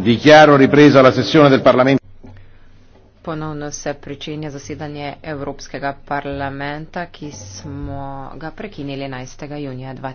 Dichiaro ripresa la sessione del Parlamento. Ponovno se pričenja zasedanje Evropskega parlamenta, ki smo ga prekinili 11. junija 2020.